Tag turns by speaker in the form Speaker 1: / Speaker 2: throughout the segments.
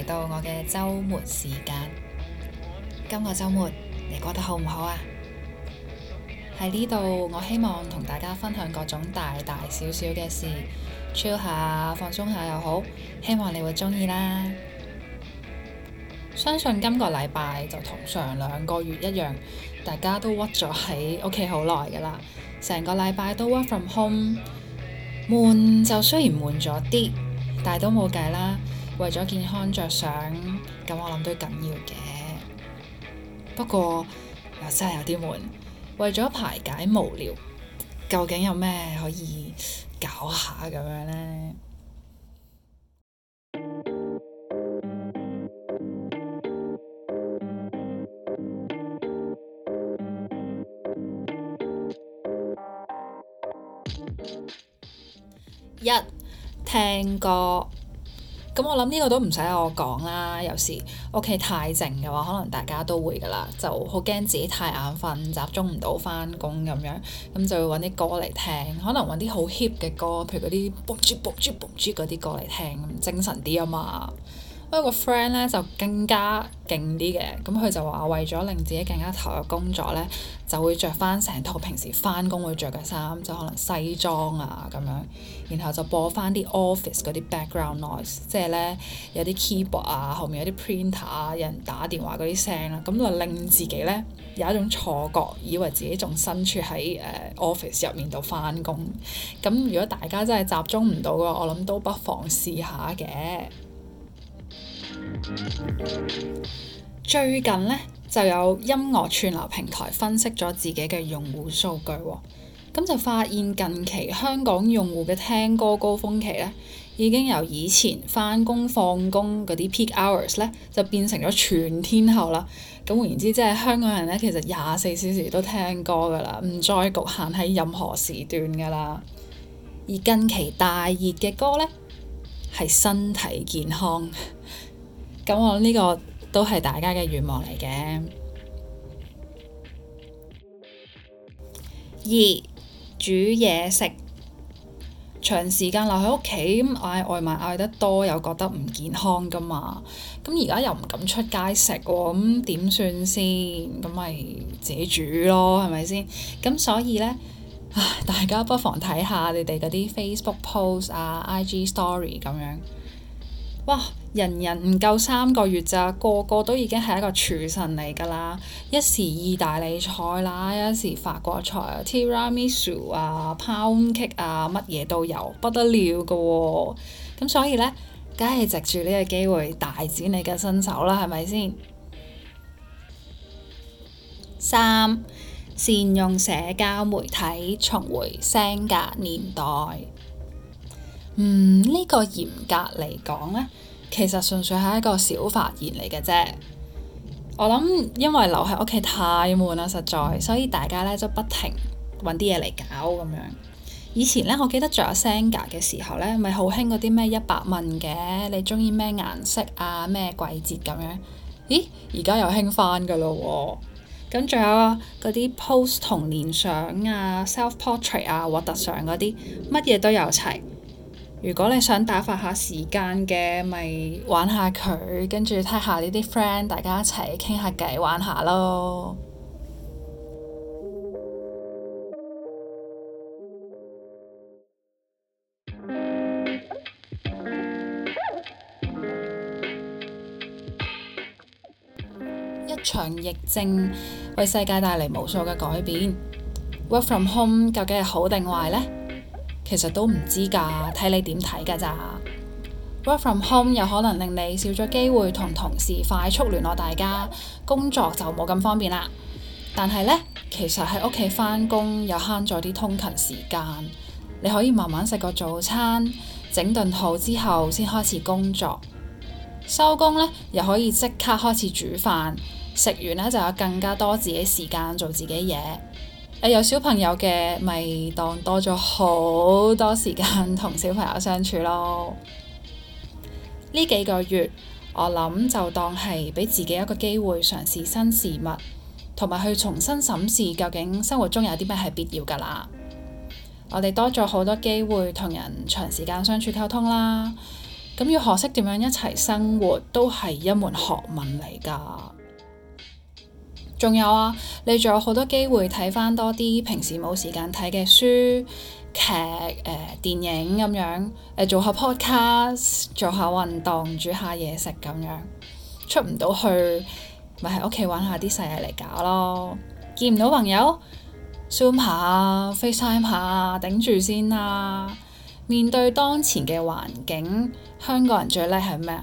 Speaker 1: 嚟到我嘅周末時間，今個周末你過得好唔好啊？喺呢度，我希望同大家分享各種大大小小嘅事，chill 下放鬆下又好，希望你會中意啦。相信今個禮拜就同上兩個月一樣，大家都屈咗喺屋企好耐噶啦，成個禮拜都 work from home，悶就雖然悶咗啲，但係都冇計啦。為咗健康着想，咁我諗都緊要嘅。不過又真係有啲悶，為咗排解無聊，究竟有咩可以搞下咁樣呢？一、聽歌。咁、嗯、我諗呢個都唔使我講啦。有時屋企太靜嘅話，可能大家都會㗎喇，就好驚自己太眼瞓，集中唔到返工咁樣。咁就會搵啲歌嚟聽，可能搵啲好 hip 嘅歌，譬如嗰啲 boogie boogie boogie 嗰啲歌嚟聽，精神啲啊嘛～不過個 friend 咧就更加勁啲嘅，咁佢就話為咗令自己更加投入工作咧，就會着翻成套平時翻工會着嘅衫，就可能西裝啊咁樣，然後就播翻啲 office 嗰啲 background noise，即係咧有啲 keyboard 啊，後面有啲 printer 啊，有人打電話嗰啲聲啦，咁就令自己咧有一種錯覺，以為自己仲身處喺誒、uh, office 入面度翻工。咁如果大家真係集中唔到嘅話，我諗都不妨試下嘅。最近呢，就有音樂串流平台分析咗自己嘅用戶數據，哦，咁就發現近期香港用戶嘅聽歌高峰期呢，已經由以前返工放工嗰啲 peak hours 呢，就變成咗全天候啦。咁換言之，即係香港人呢，其實廿四小時都聽歌噶啦，唔再局限喺任何時段噶啦。而近期大熱嘅歌呢，係身體健康。 咁我呢個都係大家嘅願望嚟嘅，熱煮嘢食，長時間留喺屋企咁嗌外賣嗌得多又覺得唔健康噶嘛，咁而家又唔敢出街食喎，咁點算先？咁咪自己煮咯，係咪先？咁所以咧，唉，大家不妨睇下你哋嗰啲 Facebook post 啊、IG story 咁樣。哇！人人唔夠三個月咋，個個都已經係一個廚神嚟㗎啦！一時意大利菜啦，一時法國菜、tiramisu 啊、pound cake 啊，乜嘢都有，不得了嘅喎，哦！咁所以呢，梗係藉住呢個機會大展你嘅身手啦，係咪先？三善用社交媒體重回聲格年代。嗯，呢個嚴格嚟講呢，其實純粹係一個小發現嚟嘅啫。我諗，因為留喺屋企太悶啦，實在，所以大家呢就不停揾啲嘢嚟搞咁樣。以前呢，我記得仲有 Senga 嘅時候呢，咪好興嗰啲咩一百問嘅，你中意咩顏色啊，咩季節咁樣。咦，而家又興翻㗎啦喎！咁仲有嗰啲 post 童年相啊、self portrait 啊、核突相嗰啲，乜嘢都有齊。如果你想打發下時間嘅，咪玩下佢，跟住睇下呢啲 friend，大家一齊傾下偈，玩下咯。 一場疫症為世界帶嚟無數嘅改變，Work from home 究竟係好定壞呢？其實都唔知㗎，睇你點睇㗎咋？Work from home 又可能令你少咗機會同同事快速聯絡，大家工作就冇咁方便啦。但係呢，其實喺屋企返工又慳咗啲通勤時間，你可以慢慢食個早餐，整頓好之後先開始工作。收工呢，又可以即刻開始煮飯，食完呢，就有更加多自己時間做自己嘢。有小朋友嘅，咪當多咗好多時間同小朋友相處咯。呢幾個月，我諗就當係俾自己一個機會嘗試新事物，同埋去重新審視究竟生活中有啲咩係必要㗎啦。我哋多咗好多機會同人長時間相處溝通啦，咁要學識點樣一齊生活都係一門學問嚟㗎。仲有啊！你仲有好多機會睇翻多啲平時冇時間睇嘅書劇誒、呃、電影咁樣誒、呃、做下 Podcast 做下運動煮下嘢食咁樣出唔到去咪喺屋企玩下啲細嘢嚟搞咯見唔到朋友 Zoom 下 FaceTime 下，頂住先啦面對當前嘅環境，香港人最叻係咩？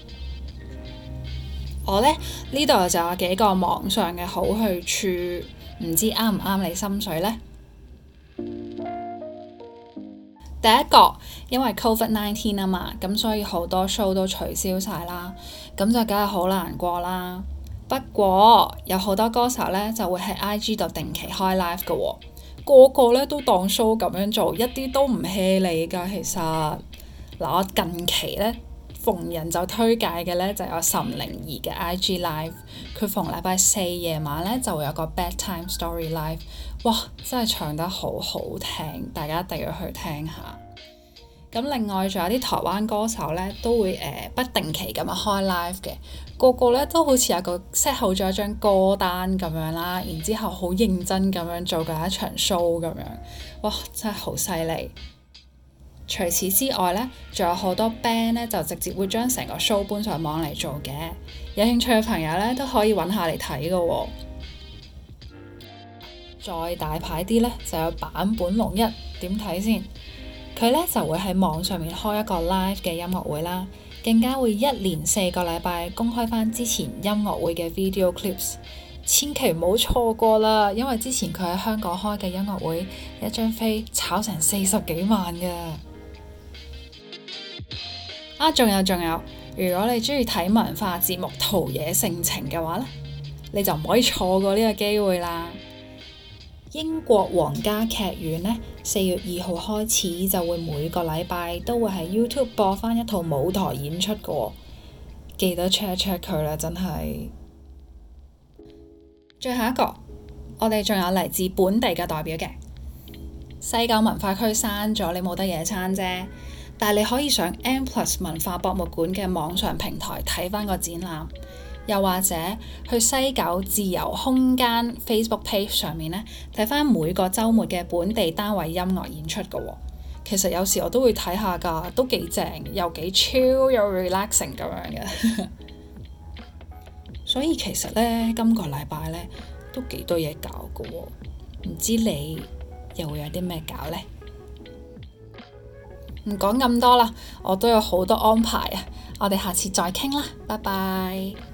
Speaker 1: 我呢呢度就有幾個網上嘅好去處，唔知啱唔啱你心水呢？第一個，因為 Covid nineteen 啊嘛，咁所以好多 show 都取消晒啦，咁就梗係好難過啦。不過有好多歌手呢就會喺 IG 度定期開 live 噶喎，個個呢都當 show 咁樣做，一啲都唔怯你噶。其實嗱，我近期呢。逢人就推介嘅呢就是、有岑靈兒嘅 IG live，佢逢禮拜四夜晚呢就會有個 Bedtime Story Live，哇，真係唱得好好聽，大家一定要去聽下。咁另外仲有啲台灣歌手呢，都會誒、呃、不定期咁樣開 live 嘅，個個呢都好似有個 set 好咗一張歌單咁樣啦，然之後好認真咁樣做緊一場 show 咁樣，哇，真係好犀利！除此之外呢，仲有好多 band 呢，就直接會將成個 show 搬上網嚟做嘅。有興趣嘅朋友呢，都可以揾下嚟睇嘅喎。 再大牌啲呢，就有坂本龍一點睇先。佢呢，呢，就會喺網上面開一個 live 嘅音樂會啦，更加會一連四個禮拜公開返之前音樂會嘅 video clips。千祈唔好錯過啦，因為之前佢喺香港開嘅音樂會，一張飛炒成四十幾萬嘅。啊！仲有仲有，如果你中意睇文化節目、陶冶性情嘅話呢，你就唔可以錯過呢個機會啦！英國皇家劇院呢，四月二號開始就會每個禮拜都會喺 YouTube 播翻一套舞台演出嘅喎。哦，記得 check check 佢啦！真係。最後一個，我哋仲有嚟自本地嘅代表嘅西九文化區閂咗，你冇得野餐啫。但係你可以上 M+ 文化博物館嘅網上平台睇翻個展覽，又或者去西九自由空間 Facebook page 上面咧睇翻每個週末嘅本地單位音樂演出㗎喎。其實有時我都會睇下㗎，都幾正，又幾 chill，又 relaxing 咁樣嘅。所以其實咧，今個禮拜咧都幾多嘢搞㗎喎，唔知你又會有啲咩搞呢？唔講咁多啦，我都有好多安排啊，我哋下次再傾啦，拜拜。